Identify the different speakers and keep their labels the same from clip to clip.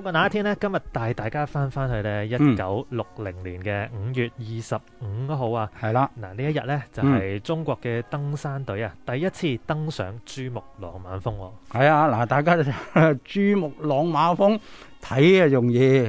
Speaker 1: 今日大家翻翻去咧一九六零年嘅五月二十五號啊！係啦、嗯，嗱呢一日呢，就係中國嘅登山隊啊，第一次登上珠穆朗瑪峰。
Speaker 2: 係啊、嗯，嗱，大家就睇珠穆朗瑪峰睇啊容易。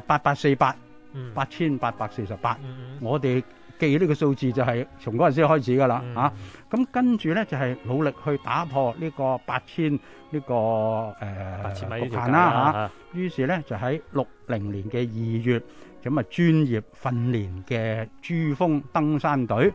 Speaker 2: 八八四八，八千八百四十八，48，嗯、我哋記呢個數字就係從嗰陣時開始噶啦，吓、嗯，咁、啊、跟住咧就係、是、努力去打破呢個八千，這個呃、八千呢個誒極限啦，吓、啊，於是咧就喺六零年嘅二月。咁啊，專業訓練嘅珠峰登山隊，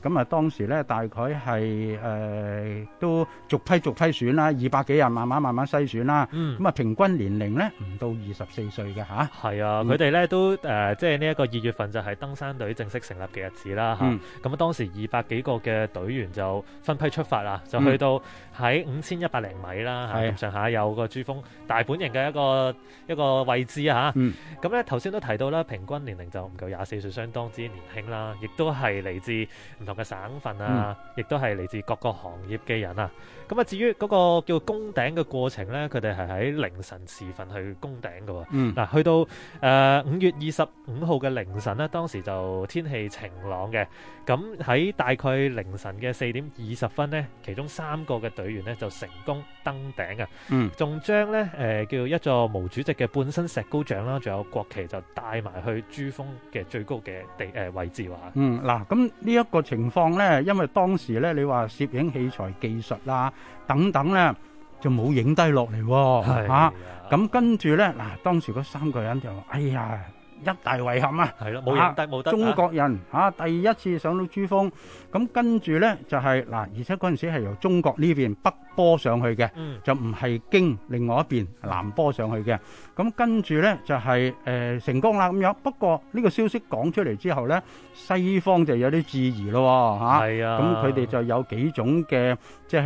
Speaker 2: 咁啊、嗯，當時咧大概係誒、呃、都逐批逐批選啦，二百幾人慢慢慢慢篩選啦，咁啊、嗯，平均年齡咧唔到二十四歲嘅，吓
Speaker 1: 係啊，佢哋咧都誒、呃，即係呢一個二月份就係登山隊正式成立嘅日子啦嚇，咁啊，嗯、當時二百幾個嘅隊員就分批出發啦，就去到喺五千一百零米啦，咁上下有個珠峰大本營嘅一個一個位置嚇，咁咧頭先都提到啦。嗯嗯嗯。平均年齡就唔夠廿四歲，相當之年輕啦，亦都係嚟自唔同嘅省份啊，亦都係嚟自各個行業嘅人啊。咁啊，至於嗰個叫攻頂嘅過程咧，佢哋係喺凌晨時分去攻頂嘅。嗯，嗱，去到誒五月二十五號嘅凌晨咧，當時就天氣晴朗嘅，咁喺大概凌晨嘅四點二十分咧，其中三個嘅隊員咧就成功登頂啊。嗯，仲將咧誒叫一座毛主席嘅半身石膏像啦，仲有國旗就帶埋。去珠峰嘅最高嘅地誒、呃、位置喎、啊、嗯，
Speaker 2: 嗱，咁呢一個情況咧，因為當時咧，你話攝影器材技術啦、啊、等等咧，就冇影低落嚟喎嚇。咁、啊哎呀嗯、跟住咧，嗱，當時嗰三個人就話：哎呀！一大遺憾啊！係咯，冇得冇得，中國人嚇第一次上到珠峰，咁跟住咧就係嗱，而且嗰陣時係由中國呢邊北坡上去嘅，嗯，就唔係經另外一邊南坡上去嘅。咁跟住咧就係誒成功啦咁樣。不過呢個消息講出嚟之後咧，西方就有啲質疑咯嚇，係啊，咁佢哋就有幾種嘅即係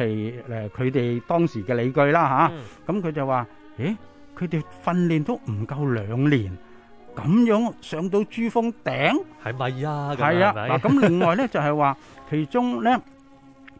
Speaker 2: 誒佢哋當時嘅理據啦嚇，咁佢就話：咦，佢哋訓練都唔夠兩年。咁樣上到珠峰頂
Speaker 1: 係咪啊？係啊！嗱，咁另外
Speaker 2: 咧就係話，其中咧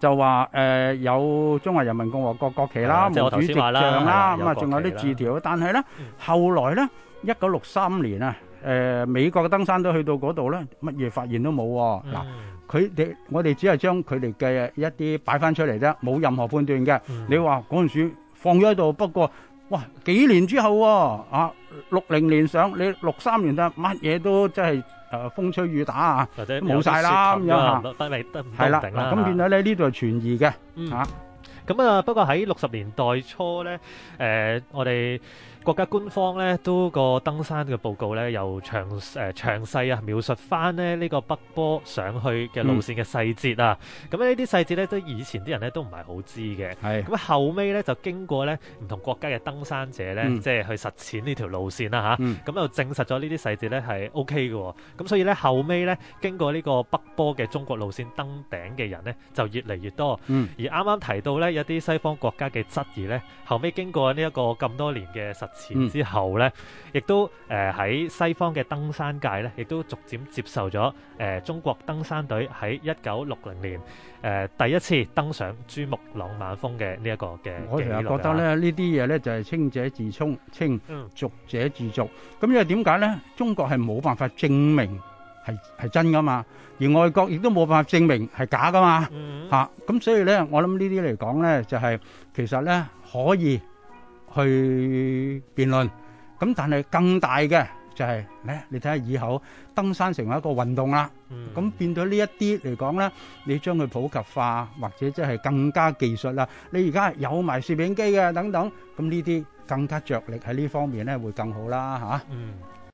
Speaker 2: 就話誒有中華人民共和國國旗啦、毛主席像啦，咁啊仲有啲字條。但係咧，後來咧，一九六三年啊，誒美國嘅登山隊去到嗰度咧，乜嘢發現都冇喎。嗱，佢哋我哋只係將佢哋嘅一啲擺翻出嚟啫，冇任何判斷嘅。你話嗰陣時放咗喺度，不過。哇！幾年之後喎、啊，啊六零年上，你六三年就乜嘢都即係誒風吹雨打啊，冇晒啦咁樣啊！係啦、啊，咁變咗咧呢度係傳疑嘅嚇。嗯啊
Speaker 1: 咁啊，不過喺六十年代初咧，誒我哋國家官方咧都個登山嘅報告咧，又詳誒詳細啊描述翻咧呢個北坡上去嘅路線嘅細節啊。咁呢啲細節咧都以前啲人咧都唔係好知嘅。係咁後尾咧就經過咧唔同國家嘅登山者咧，即係去實踐呢條路線啦吓，嗯。咁又證實咗呢啲細節咧係 OK 嘅。咁所以咧後尾咧經過呢個北坡嘅中國路線登頂嘅人咧就越嚟越多。嗯。而啱啱提到咧。一啲西方國家嘅質疑咧，後尾經過呢一個咁多年嘅實踐之後咧，亦都誒喺西方嘅登山界咧，亦都逐漸接受咗誒中國登山隊喺一九六零年誒第一次登上珠穆朗瑪峰嘅呢一個嘅記錄。我其實覺得咧，
Speaker 2: 呢啲嘢咧就係清者自清，濁者自濁。咁因為點解咧？中國係冇辦法證明。係係真噶嘛？而外國亦都冇辦法證明係假噶嘛？嚇，咁所以咧，我諗呢啲嚟講咧，就係其實咧可以去辯論。咁但係更大嘅就係咧，你睇下以後登山成為一個運動啦。咁變到呢一啲嚟講咧，你將佢普及化，或者即係更加技術啦。你而家有埋攝影機嘅等等，咁呢啲更加著力喺呢方面咧，會更好啦嚇。